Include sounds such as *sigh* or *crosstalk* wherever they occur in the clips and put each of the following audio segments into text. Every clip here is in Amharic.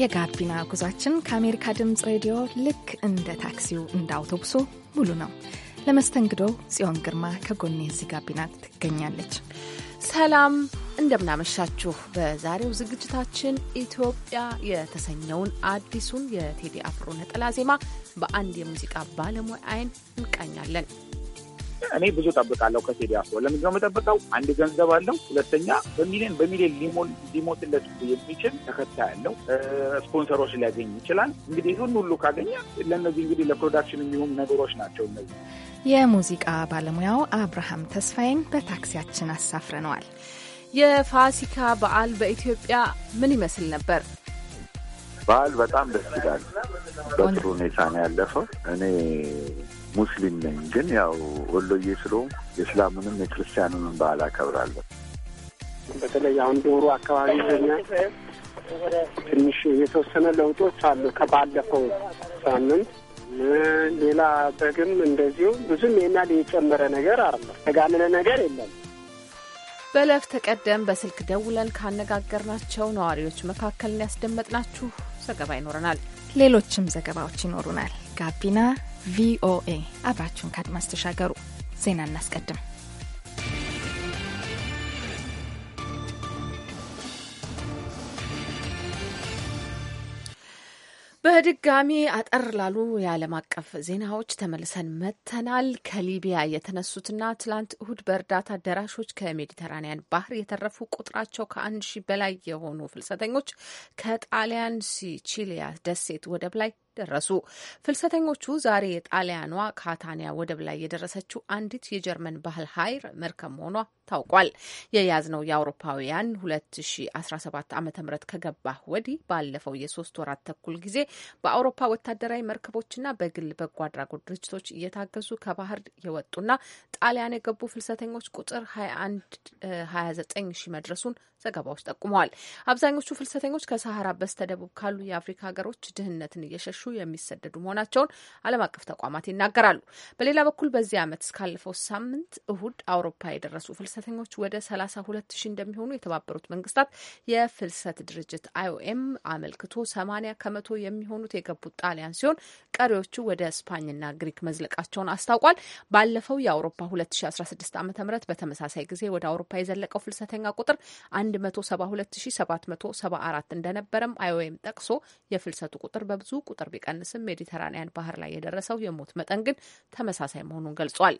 የጋቢና ጉዟችን ከአሜሪካ ድምፅ ሬዲዮ ልክ እንደ ታክሲው እንደ አውቶቡሱ ሙሉ ነው። ለመስተንግዶ ጽዮን ግርማ ከጎኔ እዚህ ጋቢና ትገኛለች። ሰላም እንደምናመሻችሁ። በዛሬው ዝግጅታችን ኢትዮጵያ የተሰኘውን አዲሱን የቴዲ አፍሮ ነጠላ ዜማ በአንድ የሙዚቃ ባለሙያ አይን እንቃኛለን። እኔ ብዙ ጠብቃለሁ ከቴዲ አፍሮ። ለምንድነው የምጠብቀው? አንድ ገንዘብ አለው፣ ሁለተኛ በሚሊዮን በሚሊዮን ሊሞትለት የሚችል ተከታይ አለው፣ ስፖንሰሮች ሊያገኝ ይችላል። እንግዲህ ይሁን ሁሉ ካገኘ ለእነዚህ እንግዲህ ለፕሮዳክሽን የሚሆኑ ነገሮች ናቸው እነዚህ። የሙዚቃ ባለሙያው አብርሃም ተስፋዬን በታክሲያችን አሳፍረነዋል። የፋሲካ በዓል በኢትዮጵያ ምን ይመስል ነበር? በዓል በጣም ደስ ይላል። በጥሩ ሁኔታ ነው ያለፈው። እኔ ሙስሊም ነኝ፣ ግን ያው ወሎዬ ስለሆንኩ የእስላሙንም የክርስቲያኑንም ባህል አከብራለሁ። በተለይ አሁን ዶሮ አካባቢ ዘኛ ትንሽ የተወሰነ ለውጦች አሉ ከባለፈው ሳምንት። ሌላ በግም እንደዚሁ ብዙም ይናል የጨመረ ነገር አለ፣ ተጋነነ ነገር የለም። በለፍ ተቀደም በስልክ ደውለን ካነጋገርናቸው ነዋሪዎች መካከልን ያስደመጥናችሁ ዘገባ ይኖረናል። ሌሎችም ዘገባዎች ይኖሩናል። ጋቢና ቪኦኤ አብራችሁን ከአድማስ ተሻገሩ። ዜና እናስቀድም። በድጋሚ አጠር ላሉ የዓለም አቀፍ ዜናዎች ተመልሰን መጥተናል። ከሊቢያ የተነሱትና ትላንት እሁድ በእርዳታ አዳራሾች ከሜዲተራኒያን ባህር የተረፉ ቁጥራቸው ከአንድ ሺህ በላይ የሆኑ ፍልሰተኞች ከጣሊያን ሲቺሊያ ደሴት ወደብ ላይ ደረሱ። ፍልሰተኞቹ ዛሬ የጣሊያኗ ካታኒያ ወደብ ላይ የደረሰችው አንዲት የጀርመን ባህር ኃይል መርከብ መሆኗ ታውቋል። የያዝነው የአውሮፓውያን 2017 ዓ ም ከገባ ወዲህ ባለፈው የሶስት ወራት ተኩል ጊዜ በአውሮፓ ወታደራዊ መርከቦችና በግል በጎ አድራጎት ድርጅቶች እየታገዙ ከባህር የወጡና ጣሊያን የገቡ ፍልሰተኞች ቁጥር 29 ሺህ መድረሱን ዘገባዎች ጠቁመዋል። አብዛኞቹ ፍልሰተኞች ከሰሐራ በስተደቡብ ካሉ የአፍሪካ ሀገሮች ድህነትን እየሸሹ የሚሰደዱ መሆናቸውን ዓለም አቀፍ ተቋማት ይናገራሉ። በሌላ በኩል በዚህ ዓመት እስካለፈው ሳምንት እሁድ አውሮፓ የደረሱ ፍልሰ ፍልሰተኞች ወደ 32 ሺ እንደሚሆኑ የተባበሩት መንግስታት የፍልሰት ድርጅት አይኦኤም አመልክቶ 80 ከመቶ የሚሆኑት የገቡት ጣሊያን ሲሆን ቀሪዎቹ ወደ ስፓኝና ግሪክ መዝለቃቸውን አስታውቋል። ባለፈው የአውሮፓ 2016 ዓ ም በተመሳሳይ ጊዜ ወደ አውሮፓ የዘለቀው ፍልሰተኛ ቁጥር 172774 እንደነበረም አይኦኤም ጠቅሶ የፍልሰቱ ቁጥር በብዙ ቁጥር ቢቀንስም ሜዲተራንያን ባህር ላይ የደረሰው የሞት መጠን ግን ተመሳሳይ መሆኑን ገልጿል።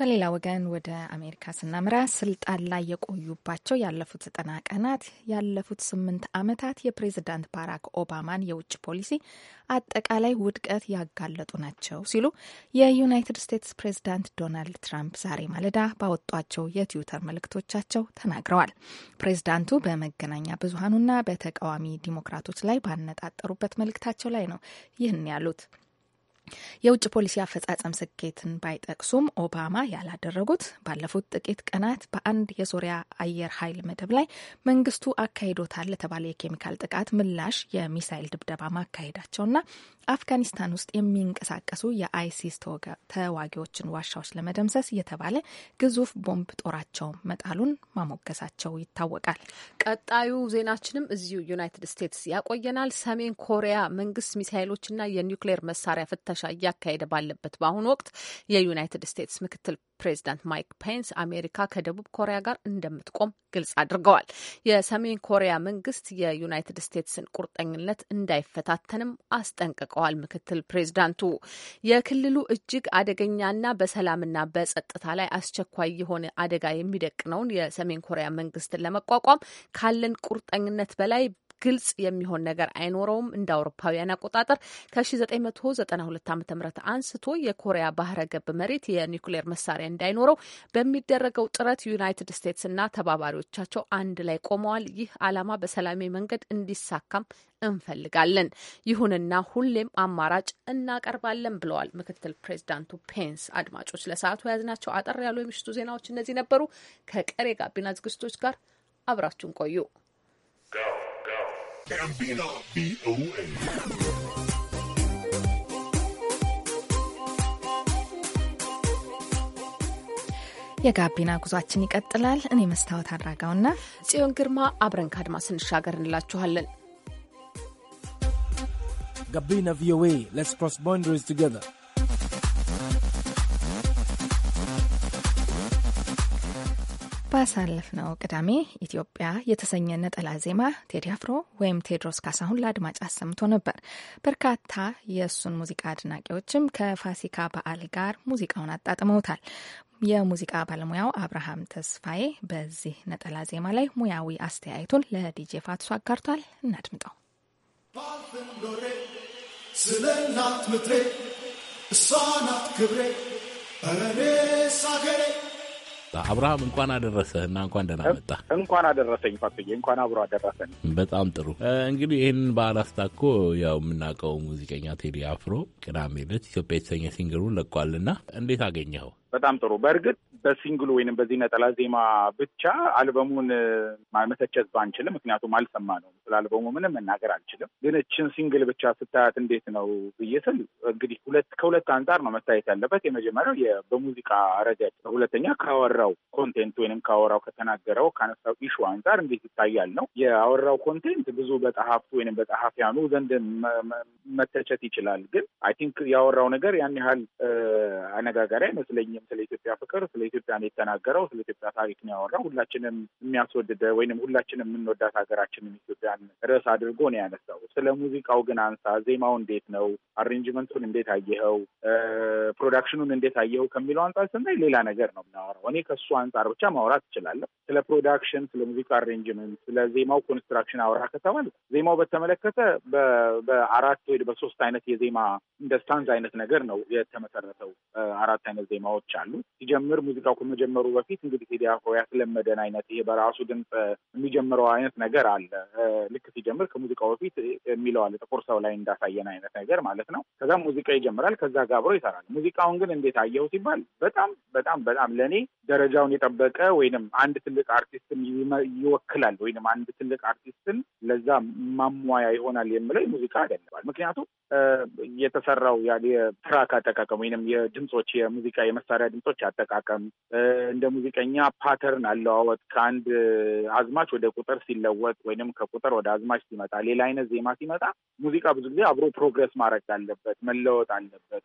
በሌላ ወገን ወደ አሜሪካ ስናምራ ስልጣን ላይ የቆዩባቸው ያለፉት ዘጠና ቀናት ያለፉት ስምንት ዓመታት የፕሬዝዳንት ባራክ ኦባማን የውጭ ፖሊሲ አጠቃላይ ውድቀት ያጋለጡ ናቸው ሲሉ የዩናይትድ ስቴትስ ፕሬዝዳንት ዶናልድ ትራምፕ ዛሬ ማለዳ ባወጧቸው የትዊተር መልእክቶቻቸው ተናግረዋል። ፕሬዝዳንቱ በመገናኛ ብዙሀኑና በተቃዋሚ ዲሞክራቶች ላይ ባነጣጠሩበት መልእክታቸው ላይ ነው ይህን ያሉት። የውጭ ፖሊሲ አፈጻጸም ስኬትን ባይጠቅሱም ኦባማ ያላደረጉት ባለፉት ጥቂት ቀናት በአንድ የሶሪያ አየር ኃይል መደብ ላይ መንግስቱ አካሂዶታል ለተባለ የኬሚካል ጥቃት ምላሽ የሚሳይል ድብደባ ማካሄዳቸውና አፍጋኒስታን ውስጥ የሚንቀሳቀሱ የአይሲስ ተዋጊዎችን ዋሻዎች ለመደምሰስ የተባለ ግዙፍ ቦምብ ጦራቸውን መጣሉን ማሞገሳቸው ይታወቃል። ቀጣዩ ዜናችንም እዚሁ ዩናይትድ ስቴትስ ያቆየናል። ሰሜን ኮሪያ መንግስት ሚሳይሎችና የኒውክሌር መሳሪያ ፍተሻ እያካሄደ ባለበት በአሁኑ ወቅት የዩናይትድ ስቴትስ ምክትል ፕሬዚዳንት ማይክ ፔንስ አሜሪካ ከደቡብ ኮሪያ ጋር እንደምትቆም ግልጽ አድርገዋል። የሰሜን ኮሪያ መንግስት የዩናይትድ ስቴትስን ቁርጠኝነት እንዳይፈታተንም አስጠንቅቀዋል። ምክትል ፕሬዚዳንቱ የክልሉ እጅግ አደገኛና በሰላምና በጸጥታ ላይ አስቸኳይ የሆነ አደጋ የሚደቅነውን የሰሜን ኮሪያ መንግስትን ለመቋቋም ካለን ቁርጠኝነት በላይ ግልጽ የሚሆን ነገር አይኖረውም። እንደ አውሮፓውያን አቆጣጠር ከ1992 ዓ ም አንስቶ የኮሪያ ባህረ ገብ መሬት የኒውክሌር መሳሪያ እንዳይኖረው በሚደረገው ጥረት ዩናይትድ ስቴትስና ተባባሪዎቻቸው አንድ ላይ ቆመዋል። ይህ ዓላማ በሰላማዊ መንገድ እንዲሳካም እንፈልጋለን። ይሁንና ሁሌም አማራጭ እናቀርባለን ብለዋል ምክትል ፕሬዚዳንቱ ፔንስ። አድማጮች ለሰዓቱ የያዝናቸው አጠር ያሉ የምሽቱ ዜናዎች እነዚህ ነበሩ። ከቀሬ ጋቢና ዝግጅቶች ጋር አብራችሁን ቆዩ። Gambino ቪኦኤ የጋቢና ጉዟችን ይቀጥላል። እኔ መስታወት አድራጋውና ጽዮን ግርማ አብረን ከአድማስ ስንሻገር እንላችኋለን። ጋቢና ቪኦኤ ሌትስ ክሮስ ቦንደሪስ ቱጌዘር ባሳለፍነው ቅዳሜ ኢትዮጵያ የተሰኘ ነጠላ ዜማ ቴዲ አፍሮ ወይም ቴድሮስ ካሳሁን ለአድማጭ አሰምቶ ነበር። በርካታ የእሱን ሙዚቃ አድናቂዎችም ከፋሲካ በዓል ጋር ሙዚቃውን አጣጥመውታል። የሙዚቃ ባለሙያው አብርሃም ተስፋዬ በዚህ ነጠላ ዜማ ላይ ሙያዊ አስተያየቱን ለዲጄ ፋትሶ አጋርቷል። እናድምጠው። ስለ እናት ምድሬ እሷ ናት ክብሬ እኔ ሳገሬ አብርሃም እንኳን አደረሰህ እና እንኳን ደህና መጣ። እንኳን አደረሰኝ ፋትዬ፣ እንኳን አብሮ አደረሰን። በጣም ጥሩ እንግዲህ ይህንን በዓል አስታኮ ያው የምናውቀው ሙዚቀኛ ቴዲ አፍሮ ቅዳሜ ዕለት ኢትዮጵያ የተሰኘ ሲንግሩን ለቋልና እንዴት አገኘኸው? በጣም ጥሩ። በእርግጥ በሲንግሉ ወይንም በዚህ ነጠላ ዜማ ብቻ አልበሙን መተቸት ባንችልም፣ ምክንያቱም አልሰማ ነው ስለ አልበሙ ምንም መናገር አልችልም። ግን እችን ሲንግል ብቻ ስታያት እንዴት ነው ብዬ ስል እንግዲህ ሁለት ከሁለት አንጻር ነው መታየት ያለበት። የመጀመሪያው በሙዚቃ ረገድ፣ ሁለተኛ ካወራው ኮንቴንት ወይንም ካወራው ከተናገረው ካነሳው ኢሹ አንጻር እንዴት ይታያል ነው። የአወራው ኮንቴንት ብዙ በጸሐፍቱ ወይም በጸሐፊያኑ ዘንድ መተቸት ይችላል። ግን አይ ቲንክ ያወራው ነገር ያን ያህል አነጋጋሪ አይመስለኝም። ስለ ኢትዮጵያ ፍቅር፣ ስለ ኢትዮጵያ ነው የተናገረው። ስለ ኢትዮጵያ ታሪክ ነው ያወራው። ሁላችንም የሚያስወድደ ወይንም ሁላችንም የምንወዳት ሀገራችንን ኢትዮጵያን ርዕስ አድርጎ ነው ያነሳው። ስለ ሙዚቃው ግን አንሳ፣ ዜማው እንዴት ነው? አሬንጅመንቱን እንዴት አየኸው? ፕሮዳክሽኑን እንዴት አየኸው ከሚለው አንጻር ስናይ ሌላ ነገር ነው የምናወራው። እኔ ከእሱ አንጻር ብቻ ማውራት እችላለሁ። ስለ ፕሮዳክሽን፣ ስለ ሙዚቃ አሬንጅመንት፣ ስለ ዜማው ኮንስትራክሽን አውራ ከተባለ ዜማው በተመለከተ በአራት ወይ በሶስት አይነት የዜማ እንደ ስታንዝ አይነት ነገር ነው የተመሰረተው። አራት አይነት ዜማዎች አሉ። ሲጀምር ሙዚቃው ከመጀመሩ በፊት እንግዲህ ቴዲ አፍሮ ያስለመደን አይነት ይሄ በራሱ ድምፅ የሚጀምረው አይነት ነገር አለ። ልክ ሲጀምር ከሙዚቃው በፊት የሚለው አለ፣ ጥቁር ሰው ላይ እንዳሳየን አይነት ነገር ማለት ነው። ከዛም ሙዚቃ ይጀምራል፣ ከዛ ጋብሮ ይሰራል። ሙዚቃውን ግን እንዴት አየሁ ሲባል በጣም በጣም በጣም ለእኔ ደረጃውን የጠበቀ ወይንም አንድ ትልቅ አርቲስትን ይወክላል ወይንም አንድ ትልቅ አርቲስትን ለዛ ማሟያ ይሆናል የምለው ሙዚቃ አይደለባል። ምክንያቱም የተሰራው ያ አጠቃቀም ወይንም የድምፆች የሙዚቃ የመሳ መሳሪያ ድምፆች አጠቃቀም እንደ ሙዚቀኛ ፓተርን አለዋወጥ ከአንድ አዝማች ወደ ቁጥር ሲለወጥ ወይም ከቁጥር ወደ አዝማች ሲመጣ ሌላ አይነት ዜማ ሲመጣ ሙዚቃ ብዙ ጊዜ አብሮ ፕሮግረስ ማድረግ አለበት፣ መለወጥ አለበት።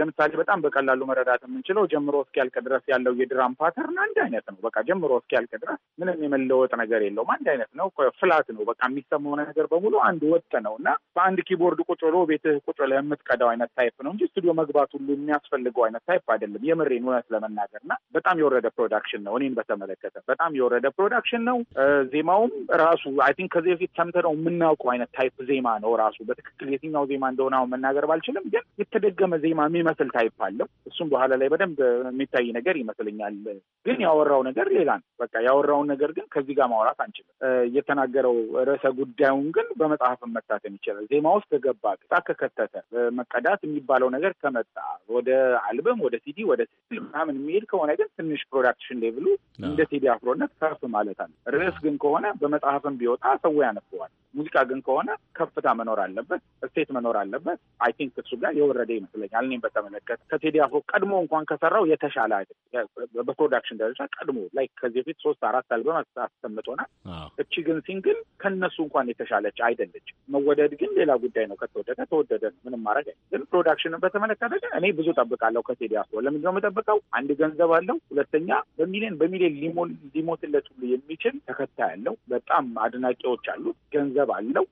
ለምሳሌ በጣም በቀላሉ መረዳት የምንችለው ጀምሮ እስኪያልቅ ድረስ ያለው የድራም ፓተርን አንድ አይነት ነው። በቃ ጀምሮ እስኪያልቅ ድረስ ምንም የመለወጥ ነገር የለውም። አንድ አይነት ነው፣ ፍላት ነው። በቃ የሚሰማው ነገር በሙሉ አንድ ወጥ ነው እና በአንድ ኪቦርድ ቁጭ ብሎ ቤትህ ቁጭ ብለህ የምትቀዳው አይነት ታይፕ ነው እንጂ ስቱዲዮ መግባት ሁሉ የሚያስፈልገው አይነት ታይፕ አይደለም። አልመሬን እውነት ለመናገር እና በጣም የወረደ ፕሮዳክሽን ነው። እኔን በተመለከተ በጣም የወረደ ፕሮዳክሽን ነው። ዜማውም ራሱ አይ ቲንክ ከዚህ በፊት ሰምተነው የምናውቀው አይነት ታይፕ ዜማ ነው። ራሱ በትክክል የትኛው ዜማ እንደሆነ አሁን መናገር ባልችልም፣ ግን የተደገመ ዜማ የሚመስል ታይፕ አለው። እሱም በኋላ ላይ በደንብ የሚታይ ነገር ይመስለኛል። ግን ያወራው ነገር ሌላ ነው። በቃ ያወራውን ነገር ግን ከዚህ ጋር ማውራት አንችልም። የተናገረው ርዕሰ ጉዳዩን ግን በመጽሐፍን መታተም ይችላል። ዜማ ውስጥ ከገባ ቅጣት ከከተተ መቀዳት የሚባለው ነገር ከመጣ ወደ አልበም፣ ወደ ሲዲ፣ ወደ ምናምን የሚሄድ ከሆነ ግን ትንሽ ፕሮዳክሽን ሌብሉ እንደ ቴዲ አፍሮነት ከፍ ማለት አለ። ርዕስ ግን ከሆነ በመጽሐፍም ቢወጣ ሰው ያነበዋል። ሙዚቃ ግን ከሆነ ከፍታ መኖር አለበት፣ እስቴት መኖር አለበት። አይ ቲንክ እሱ ጋር የወረደ ይመስለኛል። እኔም በተመለከተ ከቴዲ አፍሮ ቀድሞ እንኳን ከሰራው የተሻለ በፕሮዳክሽን ደረጃ ቀድሞ ላይ ከዚህ በፊት ሶስት አራት አልበም አስቀምጦናል። እቺ ግን ሲንግል ከነሱ እንኳን የተሻለች አይደለች። መወደድ ግን ሌላ ጉዳይ ነው። ከተወደደ ተወደደ፣ ምንም ማድረግ ግን ፕሮዳክሽንን በተመለከተ ግን እኔ ብዙ ጠብቃለሁ ከቴዲ አፍሮ ለምንድነው የተጠበቀው አንድ ገንዘብ አለው፣ ሁለተኛ በሚሊዮን በሚሊዮን ሊሞትለት ሁሉ የሚችል ተከታይ አለው፣ በጣም አድናቂዎች አሉት፣ ገንዘብ አለው፣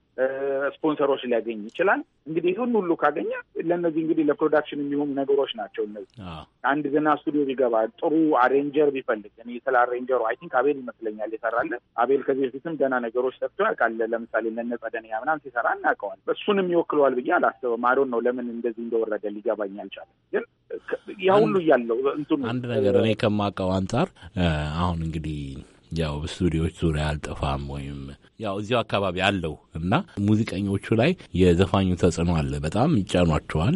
ስፖንሰሮች ሊያገኝ ይችላል። እንግዲህ ይህን ሁሉ ካገኘ ለእነዚህ እንግዲህ ለፕሮዳክሽን የሚሆኑ ነገሮች ናቸው። እነዚህ አንድ ዘና ስቱዲዮ ቢገባ ጥሩ አሬንጀር ቢፈልግ እኔ ስለ አሬንጀሩ አይ ቲንክ አቤል ይመስለኛል የሰራለ አቤል ከዚህ በፊትም ገና ነገሮች ሰርቶ ያውቃል። ለምሳሌ ደንያ ምናምን ሲሰራ እናውቀዋል። እሱንም ይወክለዋል ብዬ አላስበ አዶን ነው ለምን እንደዚህ እንደወረደ ሊገባኝ አልቻለም። ግን ያ ሁሉ እያለ ያለው አንድ ነገር እኔ ከማውቀው አንጻር አሁን እንግዲህ ያው ስቱዲዮዎች ዙሪያ አልጠፋም ወይም ያው እዚሁ አካባቢ አለው እና ሙዚቀኞቹ ላይ የዘፋኙ ተጽዕኖ አለ። በጣም ይጫኗቸዋል።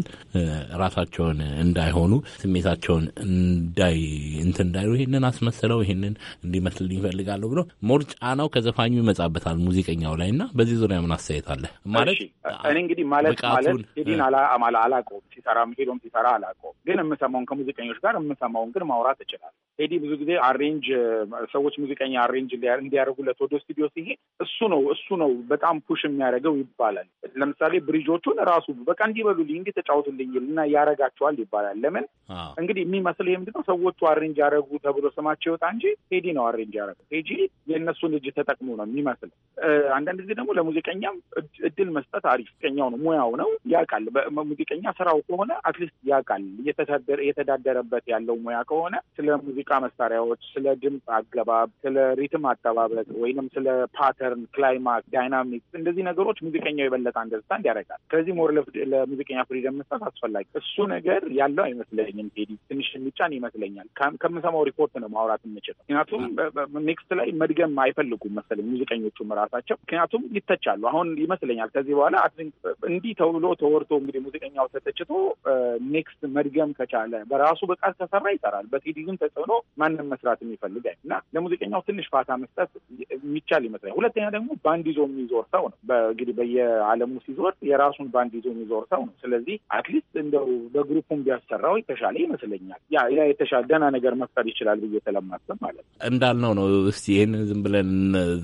ራሳቸውን እንዳይሆኑ፣ ስሜታቸውን እንዳይ እንትን እንዳይሉ ይሄንን አስመስለው ይሄንን እንዲመስል ይፈልጋሉ ብሎ ሞር ጫናው ከዘፋኙ ይመጣበታል ሙዚቀኛው ላይ እና በዚህ ዙሪያ ምን አስተያየት አለ? ማለት እኔ እንግዲህ ማለት ማለት ቴዲን አላውቀውም፣ ሲሰራ ሄዶም ሲሰራ አላውቀውም፣ ግን የምሰማውን ከሙዚቀኞች ጋር የምሰማውን ግን ማውራት እችላለሁ። ሄዲ ብዙ ጊዜ አሬንጅ ሰዎች ሙዚቀኛ አሬንጅ እንዲያደርጉለት ወደ ስቱዲዮ ሲሄድ እሱ ነው እሱ ነው በጣም ፑሽ የሚያደርገው ይባላል። ለምሳሌ ብሪጆቹን ራሱ በቃ እንዲበሉልኝ እንዲህ ተጫወቱልኝ እና ያረጋቸዋል ይባላል። ለምን እንግዲህ የሚመስል ይህ ምንድነው ሰዎቹ አሬንጅ ያደረጉ ተብሎ ስማቸው ይወጣ እንጂ ቴዲ ነው አሬንጅ ያደረጉ። ቴዲ የእነሱን እጅ ተጠቅሞ ነው የሚመስል። አንዳንድ ጊዜ ደግሞ ለሙዚቀኛም እድል መስጠት አሪፍ። ቀኛው ነው ሙያው ነው ያውቃል። ሙዚቀኛ ስራው ከሆነ አትሊስት ያውቃል። የተዳደረበት ያለው ሙያ ከሆነ ስለ ሙዚቃ መሳሪያዎች፣ ስለ ድምፅ አገባብ፣ ስለ ሪትም አጠባበቅ ወይንም ስለ ፓተርን ክላይማክስ፣ ዳይናሚክስ እንደዚህ ነገሮች ሙዚቀኛው የበለጠ አንደርስታንድ ያደርጋል። ስለዚህ ሞር ለሙዚቀኛ ፍሪደም መስጠት አስፈላጊ እሱ ነገር ያለው አይመስለኝም። ቴዲ ትንሽ የሚጫን ይመስለኛል። ከምሰማው ሪፖርት ነው ማውራት የምችለው። ምክንያቱም ኔክስት ላይ መድገም አይፈልጉም መሰለኝ ሙዚቀኞቹም ራሳቸው። ምክንያቱም ይተቻሉ። አሁን ይመስለኛል ከዚህ በኋላ እንዲህ ተብሎ ተወርቶ እንግዲህ ሙዚቀኛው ተተችቶ ኔክስት መድገም ከቻለ በራሱ ብቃት ከሰራ ይጠራል። በቴዲ ግን ተጽዕኖ ማንም መስራት የሚፈልግ እና ለሙዚቀኛው ትንሽ ፋታ መስጠት የሚቻል ይመስለኛል። ሁለተኛ ደግሞ ባንድ ይዞ የሚዞር ሰው ነው። እንግዲህ በየዓለሙ ሲዞር የራሱን ባንድ ይዞ የሚዞር ሰው ነው። ስለዚህ አትሊስት እንደው በግሩፑም ቢያሰራው የተሻለ ይመስለኛል። ያ የተሻለ ደህና ነገር መፍጠር ይችላል ብዬ ስለማስብ ማለት ነው። እንዳልነው ነው። እስቲ ይህን ዝም ብለን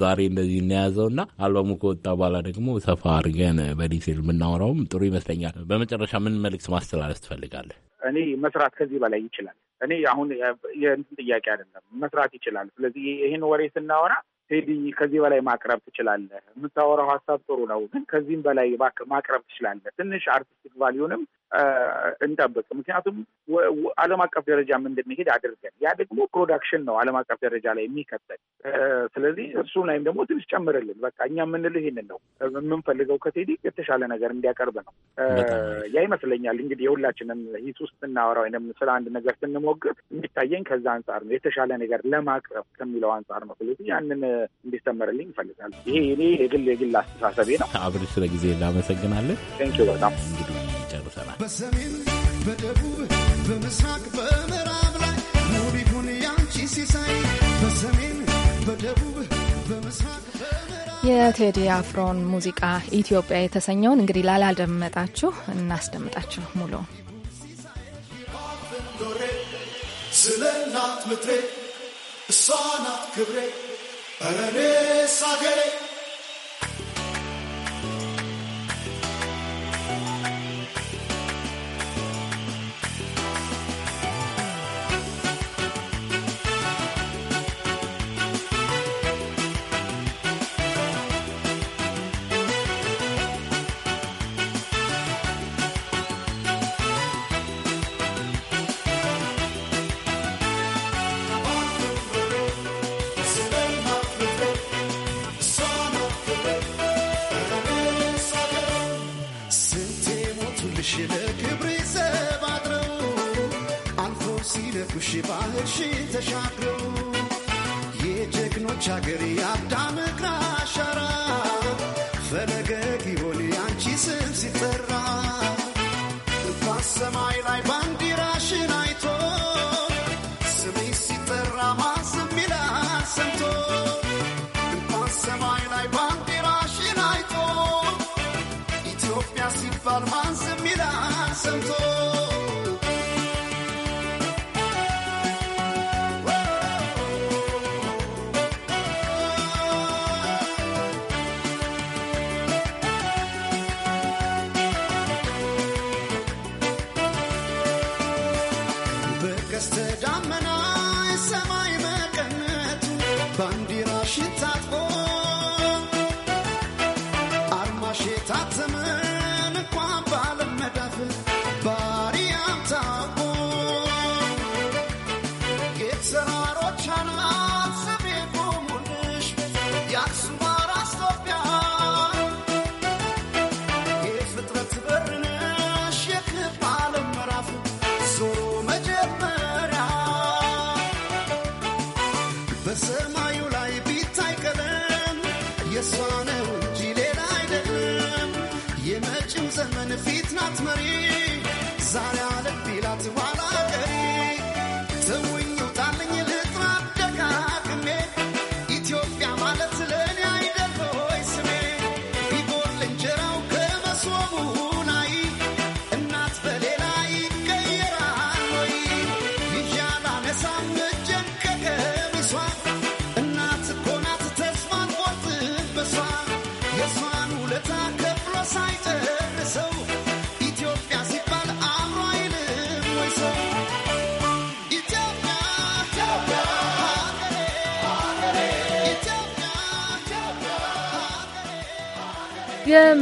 ዛሬ እንደዚህ እናያዘው እና አልበሙ ከወጣ በኋላ ደግሞ ሰፋ አድርገን በዲቴል የምናወራውም ጥሩ ይመስለኛል። በመጨረሻ ምን መልዕክት ማስተላለፍ ትፈልጋለህ? እኔ መስራት ከዚህ በላይ ይችላል። እኔ አሁን የእንትን ጥያቄ አይደለም መስራት ይችላል። ስለዚህ ይህን ወሬ ስናወራ ቴዲ ከዚህ በላይ ማቅረብ ትችላለህ፣ የምታወራው ሀሳብ ጥሩ ነው፣ ግን ከዚህም በላይ ማቅረብ ትችላለህ። ትንሽ አርቲስቲክ ቫሊዩንም እንጠብቅ። ምክንያቱም ዓለም አቀፍ ደረጃም እንደሚሄድ አድርገን ያ ደግሞ ፕሮዳክሽን ነው ዓለም አቀፍ ደረጃ ላይ የሚከተል ስለዚህ እሱ ላይም ደግሞ ትንሽ ጨምርልን። በቃ እኛ የምንል ይህንን ነው የምንፈልገው ከቴዲ የተሻለ ነገር እንዲያቀርብ ነው። ያ ይመስለኛል እንግዲህ የሁላችንም ሂስ ውስጥ ስናወራ ወይም ስለ አንድ ነገር ስንሞግት የሚታየኝ ከዛ አንጻር ነው የተሻለ ነገር ለማቅረብ ከሚለው አንጻር ነው። ስለዚህ ያንን እንዲሰመርልኝ ይፈልጋል። ይሄ የግል የግል አስተሳሰቤ ነው። አብሪ ስለ ጊዜ እናመሰግናለን። ቴንኪው በጣም ያጫውተናል። በሰሜን በደቡብ በምስራቅ በምዕራብ ላይ ሙሪቱን ያንቺ ሲሳይ በሰሜን በደቡብ በምስራቅ የቴዲ አፍሮን ሙዚቃ ኢትዮጵያ የተሰኘውን እንግዲህ ላላደመጣችሁ እናስደምጣችሁ ሙሉ ስለናት ምትሬ እሷናት ክብሬ ረኔ ሳገሬ ሺ ተሻግሮ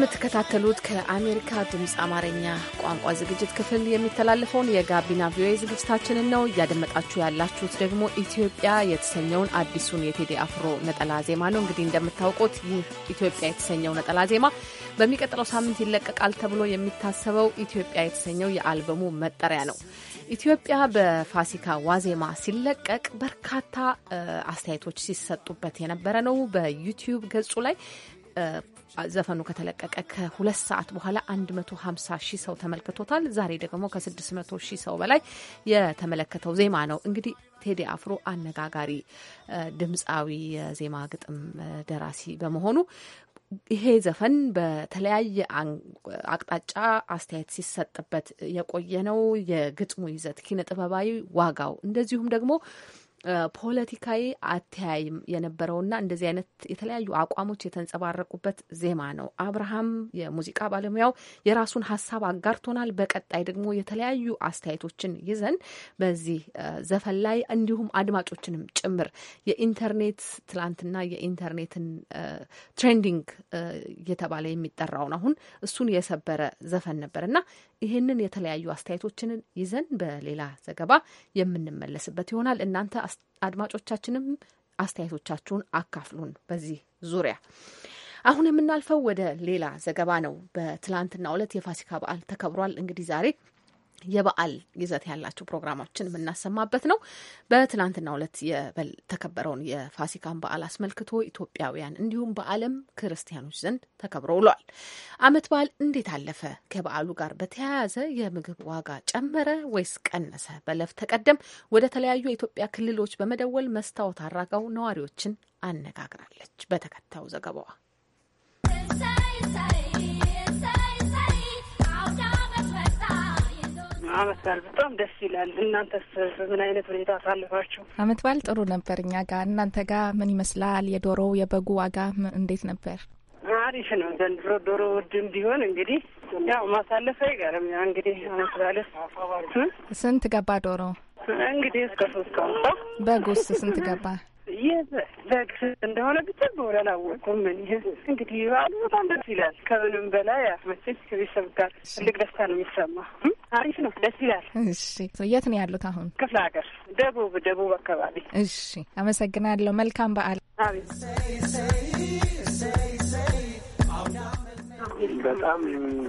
የምትከታተሉት ከአሜሪካ ድምፅ አማርኛ ቋንቋ ዝግጅት ክፍል የሚተላለፈውን የጋቢና ቪኦኤ ዝግጅታችንን ነው። እያደመጣችሁ ያላችሁት ደግሞ ኢትዮጵያ የተሰኘውን አዲሱን የቴዲ አፍሮ ነጠላ ዜማ ነው። እንግዲህ እንደምታውቁት ይህ ኢትዮጵያ የተሰኘው ነጠላ ዜማ በሚቀጥለው ሳምንት ይለቀቃል ተብሎ የሚታሰበው ኢትዮጵያ የተሰኘው የአልበሙ መጠሪያ ነው። ኢትዮጵያ በፋሲካ ዋዜማ ሲለቀቅ በርካታ አስተያየቶች ሲሰጡበት የነበረ ነው። በዩቲዩብ ገጹ ላይ ዘፈኑ ከተለቀቀ ከሁለት ሰዓት በኋላ 150 ሺህ ሰው ተመልክቶታል። ዛሬ ደግሞ ከ600 ሺህ ሰው በላይ የተመለከተው ዜማ ነው። እንግዲህ ቴዲ አፍሮ አነጋጋሪ ድምፃዊ፣ የዜማ ግጥም ደራሲ በመሆኑ ይሄ ዘፈን በተለያየ አቅጣጫ አስተያየት ሲሰጥበት የቆየ ነው። የግጥሙ ይዘት ኪነ ጥበባዊ ዋጋው እንደዚሁም ደግሞ ፖለቲካዊ አተያይም የነበረውና እንደዚህ አይነት የተለያዩ አቋሞች የተንጸባረቁበት ዜማ ነው። አብርሃም የሙዚቃ ባለሙያው የራሱን ሀሳብ አጋርቶናል። በቀጣይ ደግሞ የተለያዩ አስተያየቶችን ይዘን በዚህ ዘፈን ላይ እንዲሁም አድማጮችንም ጭምር የኢንተርኔት ትላንትና የኢንተርኔትን ትሬንዲንግ እየተባለ የሚጠራውን አሁን እሱን የሰበረ ዘፈን ነበር እና ይህንን የተለያዩ አስተያየቶችንን ይዘን በሌላ ዘገባ የምንመለስበት ይሆናል። እናንተ አድማጮቻችንም አስተያየቶቻችሁን አካፍሉን በዚህ ዙሪያ። አሁን የምናልፈው ወደ ሌላ ዘገባ ነው። በትላንትና ዕለት የፋሲካ በዓል ተከብሯል። እንግዲህ ዛሬ የበዓል ይዘት ያላቸው ፕሮግራሞችን የምናሰማበት ነው። በትላንትናው ዕለት የተከበረውን የፋሲካን በዓል አስመልክቶ ኢትዮጵያውያን እንዲሁም በዓለም ክርስቲያኖች ዘንድ ተከብሮ ውሏል። አመት በዓል እንዴት አለፈ? ከበዓሉ ጋር በተያያዘ የምግብ ዋጋ ጨመረ ወይስ ቀነሰ? በለፍ ተቀደም ወደ ተለያዩ የኢትዮጵያ ክልሎች በመደወል መስታወት አራጋው ነዋሪዎችን አነጋግራለች። በተከታዩ ዘገባዋ አመት በዓል በጣም ደስ ይላል። እናንተስ በምን አይነት ሁኔታ አሳልፋችሁ? አመት በዓል ጥሩ ነበር እኛ ጋር። እናንተ ጋር ምን ይመስላል? የዶሮ የበጉ ዋጋ እንዴት ነበር? አሪፍ ነው ዘንድሮ ዶሮ ውድም ቢሆን እንግዲህ ያው ማሳለፍ አይቀርም። ያ እንግዲህ አመት በዓል ስንት ገባ ዶሮ? እንግዲህ እስከ ሶስት ከወጣ። በጉስ ስንት ገባ? ይህ እንደሆነ ብቻ በወረን አወቁም። እንግዲህ በዓሉ በጣም ደስ ይላል። ከምንም በላይ አስመቼች ከቤተሰብ ጋር ትልቅ ደስታ ነው የሚሰማ። አሪፍ ነው፣ ደስ ይላል። እሺ፣ የት ነው ያሉት አሁን? ክፍለ ሀገር፣ ደቡብ ደቡብ አካባቢ። እሺ፣ አመሰግናለሁ። መልካም በዓል። አቤት በጣም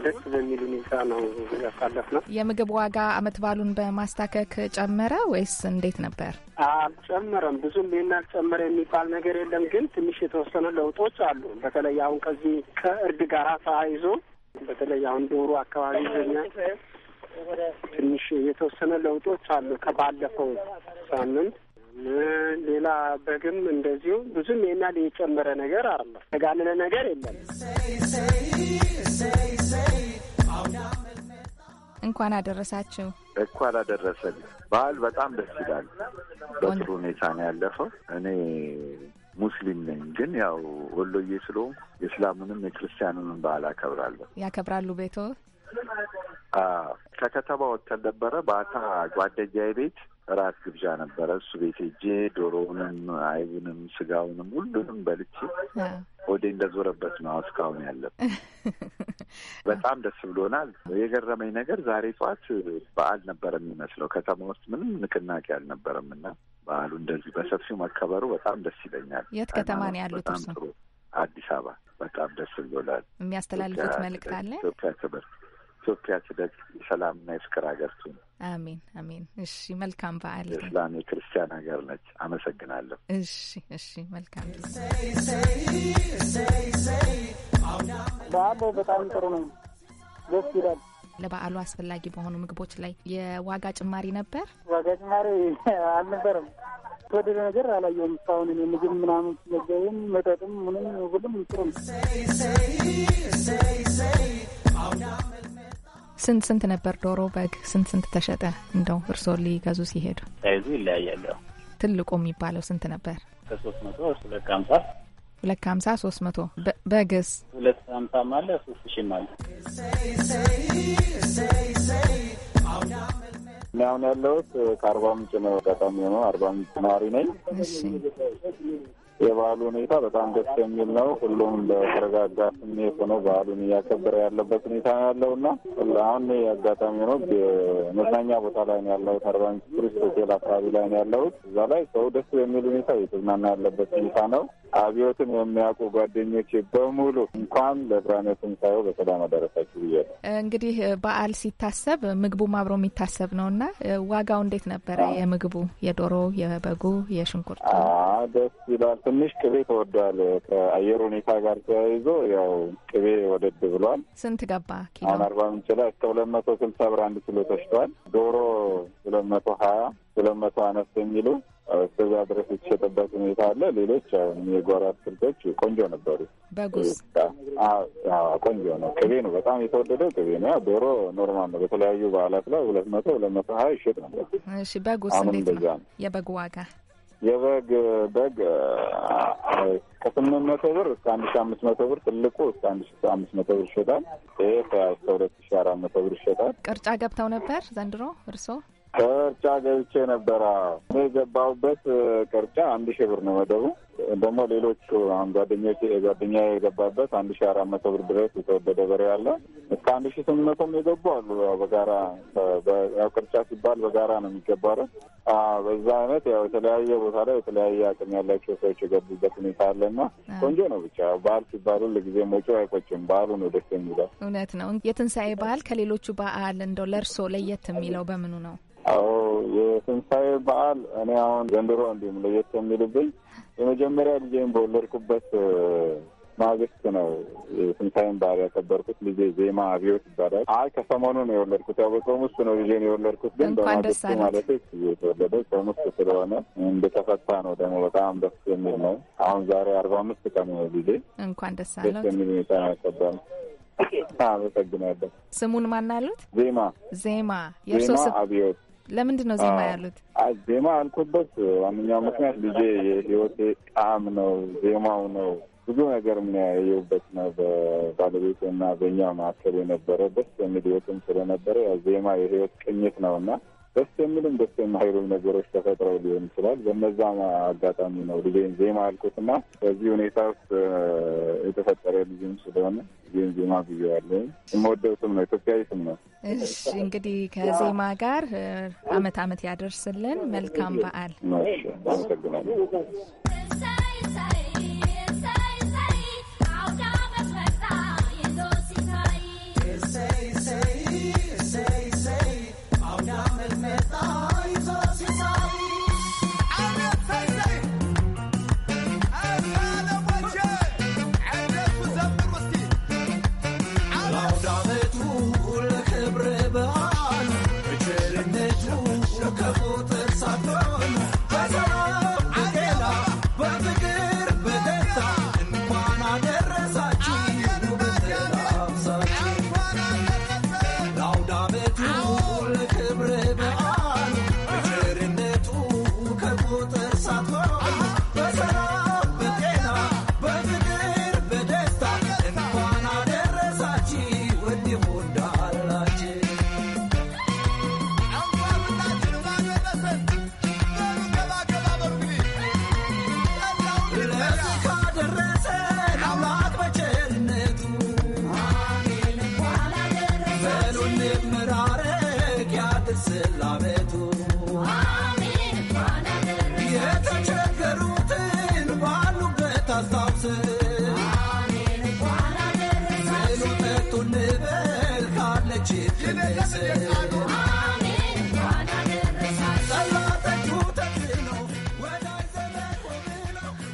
ደስ በሚል ሁኔታ ነው ያሳለፍ ነው። የምግብ ዋጋ አመት ባሉን በማስታከክ ጨመረ ወይስ እንዴት ነበር? አልጨመረም። ብዙም ይህን አልጨመረ የሚባል ነገር የለም። ግን ትንሽ የተወሰነ ለውጦች አሉ። በተለይ አሁን ከዚህ ከእርድ ጋር ተያይዞ በተለይ አሁን ዶሮ አካባቢ ይዘኛል ትንሽ የተወሰነ ለውጦች አሉ ከባለፈው ሳምንት ሌላ በግም እንደዚሁ ብዙም ይህን ያህል የጨመረ ነገር አለ። ተጋነነ ነገር የለም። እንኳን አደረሳችሁ። እንኳን አደረሰን። በዓል በጣም ደስ ይላል። በጥሩ ሁኔታ ነው ያለፈው። እኔ ሙስሊም ነኝ፣ ግን ያው ወሎዬ ስለሆንኩ የእስላሙንም የክርስቲያኑንም በዓል አከብራለሁ። ያከብራሉ ቤቶ ከከተማ ወጥተን ነበረ። በአታ ጓደኛዬ ቤት እራት ግብዣ ነበረ። እሱ ቤት ሄጄ ዶሮውንም፣ አይቡንም፣ ስጋውንም ሁሉንም በልቼ ወደ እንደዞረበት ነው እስካሁን ያለው። *laughs* በጣም ደስ ብሎናል። የገረመኝ ነገር ዛሬ ጠዋት በዓል ነበረ የሚመስለው ከተማ ውስጥ ምንም ንቅናቄ አልነበረም እና በዓሉ እንደዚህ በሰፊው መከበሩ በጣም ደስ ይለኛል። የት ከተማ ነው ያሉት? አዲስ አበባ። በጣም ደስ ብሎናል። የሚያስተላልፉት መልእክት አለ ኢትዮጵያ ኢትዮጵያ ስደት ና የፍቅር ሀገር ትሁን። አሚን አሚን። እሺ መልካም በዓል። የእስላም የክርስቲያን ሀገር ነች። አመሰግናለሁ። እሺ እሺ መልካም በዓል። በጣም ጥሩ ነው፣ ደስ ይላል። ለበዓሉ አስፈላጊ በሆኑ ምግቦች ላይ የዋጋ ጭማሪ ነበር? ዋጋ ጭማሪ አልነበረም። የተወደደ ነገር አላየሁም እስካሁን። እኔ ምግብ ምናምን ሲመገብም መጠጥም ምንም ሁሉም ጥሩ ነው። ስንት ስንት ነበር ዶሮ፣ በግ ስንት ስንት ተሸጠ? እንደው እርስዎ ሊገዙ ሲሄዱ ሳይዙ ይለያያል። ትልቁ የሚባለው ስንት ነበር? ከሶስት መቶ ሁለት ከሀምሳ ሁለት ከሀምሳ ሶስት መቶ በግስ ሁለት ከሀምሳ ማለ ሶስት ሺ ማለ እኔ አሁን ያለሁት ከአርባ ምንጭ ነው። አጋጣሚ ሆኖ አርባ ምንጭ ነዋሪ ነኝ። የበዓሉ ሁኔታ በጣም ደስ የሚል ነው። ሁሉም በተረጋጋ ስሜት ሆኖ በዓሉን እያከበረ ያለበት ሁኔታ ያለው እና አሁን አጋጣሚ ሆኖ መዝናኛ ቦታ ላይ ነው ያለሁት። አርባ ቱሪስት ሆቴል አካባቢ ላይ ነው ያለሁት። እዛ ላይ ሰው ደስ የሚል ሁኔታ እየተዝናና ያለበት ሁኔታ ነው። አብዮትን የሚያውቁ ጓደኞች በሙሉ እንኳን ለብርሃነ ትንሳኤው በሰላም አደረሳችሁ ብዬ ነው። እንግዲህ በዓል ሲታሰብ ምግቡም አብሮ የሚታሰብ ነው እና ዋጋው እንዴት ነበረ? የምግቡ የዶሮ፣ የበጉ፣ የሽንኩርቱ ደስ ይላል። ትንሽ ቅቤ ተወዷል። ከአየር ሁኔታ ጋር ተያይዞ ያው ቅቤ ወደድ ብሏል። ስንት ገባ ኪሎ? አሁን አርባ ምንጭ ላይ እስከ ሁለት መቶ ስልሳ ብር አንድ ኪሎ ተሽቷል። ዶሮ ሁለት መቶ ሀያ ሁለት መቶ አነስ የሚሉ እስከዛ ድረስ የተሸጠበት ሁኔታ አለ። ሌሎች የጓሮ አትክልቶች ቆንጆ ነበሩ። ቆንጆ ነው። ቅቤ ነው በጣም የተወደደው ቅቤ ነው። ዶሮ ኖርማል ነው። በተለያዩ በዓላት ላይ ሁለት መቶ ሁለት መቶ ሀያ ይሸጥ ነበር። እሺ በጉስ እንዴት ነው የበግ ዋጋ? የበግ በግ ከስምንት መቶ ብር እስከ አንድ ሺ አምስት መቶ ብር ትልቁ እስከ አንድ ሺ አምስት መቶ ብር ይሸጣል። ይህ ከሁለት ሺ አራት መቶ ብር ይሸጣል። ቅርጫ ገብተው ነበር ዘንድሮ እርስዎ? ከምርጫ ገብቼ ነበረ። እኔ የገባሁበት ቅርጫ አንድ ሺህ ብር ነው መደቡ ደግሞ ሌሎቹ አሁን ጓደኞች ጓደኛ የገባበት አንድ ሺ አራት መቶ ብር ድረስ የተወደደ በሬ አለ። እስከ አንድ ሺ ስምንት መቶም የገቡ አሉ። በጋራ ቅርጫ ሲባል በጋራ ነው የሚገባረ። በዛ አይነት ያው የተለያየ ቦታ ላይ የተለያየ አቅም ያላቸው ሰዎች የገቡበት ሁኔታ አለና ቆንጆ ነው። ብቻ በዓል ሲባሉ ለጊዜ ወጪው አይቆጭም። በዓሉ ነው ደስ የሚለው። እውነት ነው። የትንሣኤ በዓል ከሌሎቹ በዓል እንደው ለእርሶ ለየት የሚለው በምኑ ነው? አዎ የትንሣኤ በዓል እኔ አሁን ዘንድሮ እንዲሁም ለየት የሚልብኝ የመጀመሪያ ልጄን በወለድኩበት ማግስት ነው የስንሳይን ባህል ያከበርኩት። ልጄ ዜማ አብዮት ይባላል። አይ ከሰሞኑ ነው የወለድኩት። ያው በጾም ውስጥ ነው ልጄን የወለድኩት፣ ግን በማግስቱ ማለት የተወለደ ጾም ውስጥ ስለሆነ እንደተፈታ ነው። ደግሞ በጣም ደስ የሚል ነው። አሁን ዛሬ አርባ አምስት ቀን ነው ልጄ። እንኳን ደስ አለት። ደስ የሚል ሁኔታ ያከበር አመሰግናለሁ። ስሙን ማን አሉት? ዜማ ዜማ የእርሶ አብዮት ለምንድን ነው ዜማ ያሉት? ዜማ አልኩበት ዋነኛው ምክንያት ልጄ የህይወቴ ጣዕም ነው፣ ዜማው ነው። ብዙ ነገር የሚያየውበት ነው። በባለቤት እና በእኛ መካከል የነበረ ደስ የሚል ህይወትም ስለነበረ ዜማ የህይወት ቅኝት ነው እና ደስ የሚልም ደስ የማይሉም ነገሮች ተፈጥረው ሊሆን ይችላል። በነዛ አጋጣሚ ነው ልጄን ዜማ ያልኩት ያልኩትና በዚህ ሁኔታ ውስጥ የተፈጠረ ልጅም ስለሆነ ዜን ዜማ ብዬዋለሁ። የምወደው ስም ነው፣ ኢትዮጵያዊ ስም ነው። እሺ እንግዲህ ከዜማ ጋር አመት አመት ያደርስልን። መልካም በዓል። አመሰግናለሁ።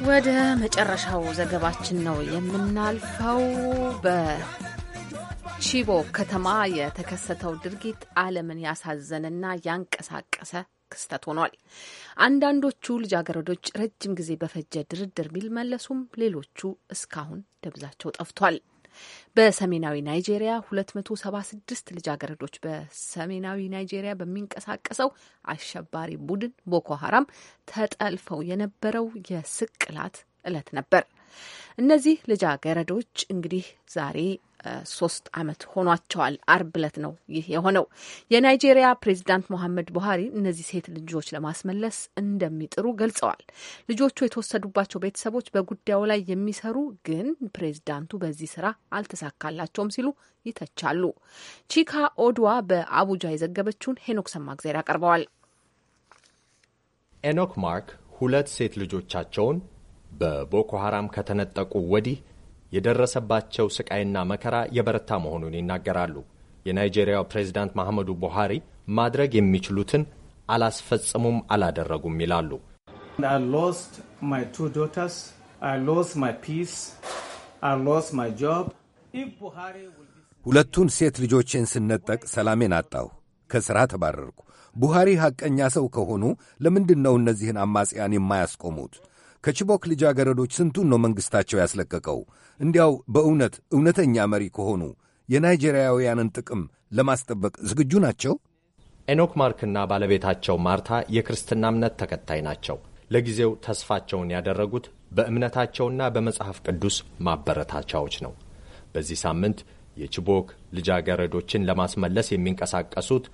ወደ መጨረሻው ዘገባችን ነው የምናልፈው። በቺቦ ከተማ የተከሰተው ድርጊት ዓለምን ያሳዘነና ያንቀሳቀሰ ክስተት ሆኗል። አንዳንዶቹ ልጃገረዶች ረጅም ጊዜ በፈጀ ድርድር ቢመለሱም ሌሎቹ እስካሁን ደብዛቸው ጠፍቷል። በሰሜናዊ ናይጄሪያ 276 ልጃገረዶች በሰሜናዊ ናይጄሪያ በሚንቀሳቀሰው አሸባሪ ቡድን ቦኮ ሀራም ተጠልፈው የነበረው የስቅላት ዕለት ነበር። እነዚህ ልጃገረዶች እንግዲህ ዛሬ ሶስት ዓመት ሆኗቸዋል። አርብ ዕለት ነው ይህ የሆነው። የናይጄሪያ ፕሬዚዳንት ሞሐመድ ቡሃሪ እነዚህ ሴት ልጆች ለማስመለስ እንደሚጥሩ ገልጸዋል። ልጆቹ የተወሰዱባቸው ቤተሰቦች በጉዳዩ ላይ የሚሰሩ ግን ፕሬዚዳንቱ በዚህ ስራ አልተሳካላቸውም ሲሉ ይተቻሉ። ቺካ ኦድዋ በአቡጃ የዘገበችውን ሄኖክ ሰማግዜር ያቀርበዋል። ኤኖክ ማርክ ሁለት ሴት ልጆቻቸውን በቦኮ ሀራም ከተነጠቁ ወዲህ የደረሰባቸው ስቃይና መከራ የበረታ መሆኑን ይናገራሉ። የናይጄሪያው ፕሬዚዳንት መሐመዱ ቡሃሪ ማድረግ የሚችሉትን አላስፈጽሙም፣ አላደረጉም ይላሉ። ሁለቱን ሴት ልጆቼን ስነጠቅ ሰላሜን አጣሁ፣ ከሥራ ተባረርኩ። ቡሃሪ ሐቀኛ ሰው ከሆኑ ለምንድን ነው እነዚህን አማጽያን የማያስቆሙት? ከችቦክ ልጃገረዶች ስንቱን ነው መንግሥታቸው ያስለቀቀው? እንዲያው በእውነት እውነተኛ መሪ ከሆኑ የናይጄሪያውያንን ጥቅም ለማስጠበቅ ዝግጁ ናቸው? ኤኖክ ማርክና ባለቤታቸው ማርታ የክርስትና እምነት ተከታይ ናቸው። ለጊዜው ተስፋቸውን ያደረጉት በእምነታቸውና በመጽሐፍ ቅዱስ ማበረታቻዎች ነው። በዚህ ሳምንት የችቦክ ልጃገረዶችን ለማስመለስ የሚንቀሳቀሱት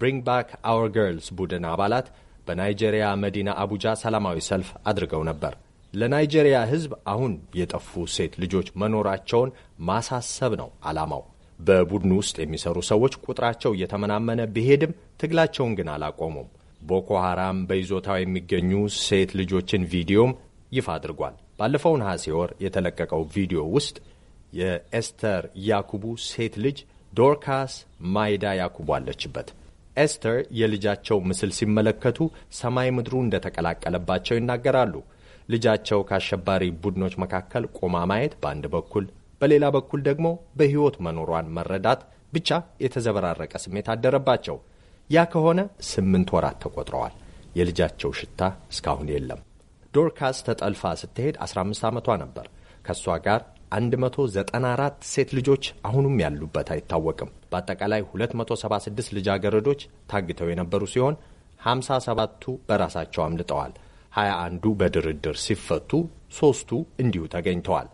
ብሪንግ ባክ አወር ገርልስ ቡድን አባላት በናይጄሪያ መዲና አቡጃ ሰላማዊ ሰልፍ አድርገው ነበር። ለናይጄሪያ ሕዝብ አሁን የጠፉ ሴት ልጆች መኖራቸውን ማሳሰብ ነው ዓላማው። በቡድኑ ውስጥ የሚሰሩ ሰዎች ቁጥራቸው እየተመናመነ ቢሄድም ትግላቸውን ግን አላቆሙም። ቦኮ ሐራም በይዞታው የሚገኙ ሴት ልጆችን ቪዲዮም ይፋ አድርጓል። ባለፈው ነሐሴ ወር የተለቀቀው ቪዲዮ ውስጥ የኤስተር ያኩቡ ሴት ልጅ ዶርካስ ማይዳ ያኩቡ አለችበት። ኤስተር የልጃቸው ምስል ሲመለከቱ ሰማይ ምድሩ እንደተቀላቀለባቸው ይናገራሉ። ልጃቸው ከአሸባሪ ቡድኖች መካከል ቆማ ማየት በአንድ በኩል፣ በሌላ በኩል ደግሞ በሕይወት መኖሯን መረዳት ብቻ የተዘበራረቀ ስሜት አደረባቸው። ያ ከሆነ ስምንት ወራት ተቆጥረዋል። የልጃቸው ሽታ እስካሁን የለም። ዶርካስ ተጠልፋ ስትሄድ 15 ዓመቷ ነበር። ከእሷ ጋር 194 ሴት ልጆች አሁኑም ያሉበት አይታወቅም። በአጠቃላይ 276 ልጃገረዶች ታግተው የነበሩ ሲሆን 57ቱ በራሳቸው አምልጠዋል። 21ዱ በድርድር ሲፈቱ፣ ሦስቱ እንዲሁ ተገኝተዋል።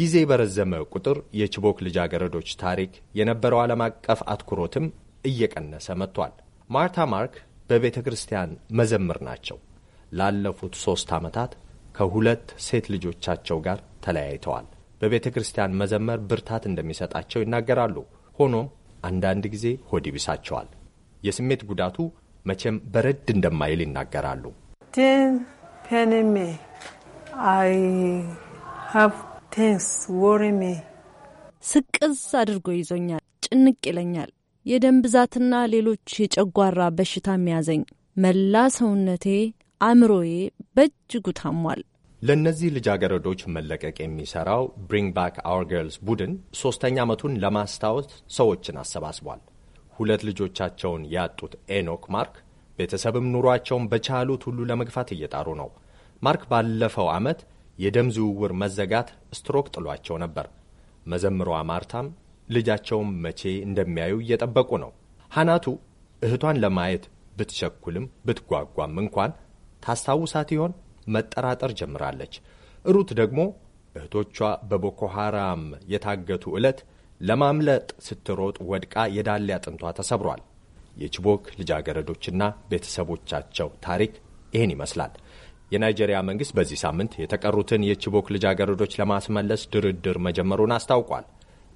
ጊዜ በረዘመ ቁጥር የችቦክ ልጃገረዶች ታሪክ የነበረው ዓለም አቀፍ አትኩሮትም እየቀነሰ መጥቷል። ማርታ ማርክ በቤተ ክርስቲያን መዘምር ናቸው። ላለፉት ሦስት ዓመታት ከሁለት ሴት ልጆቻቸው ጋር ተለያይተዋል። በቤተ ክርስቲያን መዘመር ብርታት እንደሚሰጣቸው ይናገራሉ። ሆኖም አንዳንድ ጊዜ ሆድ ይብሳቸዋል። የስሜት ጉዳቱ መቼም በረድ እንደማይል ይናገራሉ። ስቅዝ አድርጎ ይዞኛል። ጭንቅ ይለኛል። የደም ብዛትና ሌሎች የጨጓራ በሽታ የሚያዘኝ መላ ሰውነቴ፣ አእምሮዬ በእጅጉ ታሟል። ለእነዚህ ልጃገረዶች መለቀቅ የሚሰራው ብሪንግ ባክ አወር ገርልስ ቡድን ሶስተኛ ዓመቱን ለማስታወስ ሰዎችን አሰባስቧል። ሁለት ልጆቻቸውን ያጡት ኤኖክ ማርክ ቤተሰብም ኑሯቸውን በቻሉት ሁሉ ለመግፋት እየጣሩ ነው። ማርክ ባለፈው ዓመት የደም ዝውውር መዘጋት ስትሮክ ጥሏቸው ነበር። መዘምሯ ማርታም ልጃቸውን መቼ እንደሚያዩ እየጠበቁ ነው። ሐናቱ እህቷን ለማየት ብትሸኩልም ብትጓጓም እንኳን ታስታውሳት ይሆን? መጠራጠር ጀምራለች። ሩት ደግሞ እህቶቿ በቦኮ ሃራም የታገቱ ዕለት ለማምለጥ ስትሮጥ ወድቃ የዳሌ አጥንቷ ተሰብሯል። የችቦክ ልጃገረዶችና ቤተሰቦቻቸው ታሪክ ይህን ይመስላል። የናይጄሪያ መንግሥት በዚህ ሳምንት የተቀሩትን የችቦክ ልጃገረዶች ለማስመለስ ድርድር መጀመሩን አስታውቋል።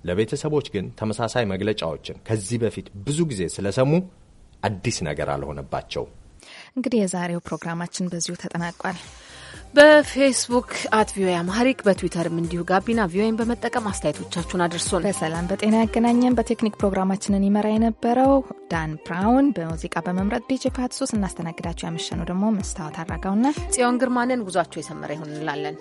ለቤተሰቦች ግን ተመሳሳይ መግለጫዎችን ከዚህ በፊት ብዙ ጊዜ ስለሰሙ አዲስ ነገር አልሆነባቸውም። እንግዲህ የዛሬው ፕሮግራማችን በዚሁ ተጠናቋል። በፌስቡክ አት ቪኦኤ አማሪክ በትዊተርም እንዲሁ ጋቢና ቪኦኤን በመጠቀም አስተያየቶቻችሁን አድርሶን በሰላም በጤና ያገናኘን። በቴክኒክ ፕሮግራማችንን ይመራ የነበረው ዳን ብራውን፣ በሙዚቃ በመምረጥ ዲጄ ፓትሶ ስናስተናግዳቸው ያመሸኑ ደግሞ መስታወት አድራጋውና ጽዮን ግርማንን ጉዟቸው የሰመረ ይሆን እንላለን።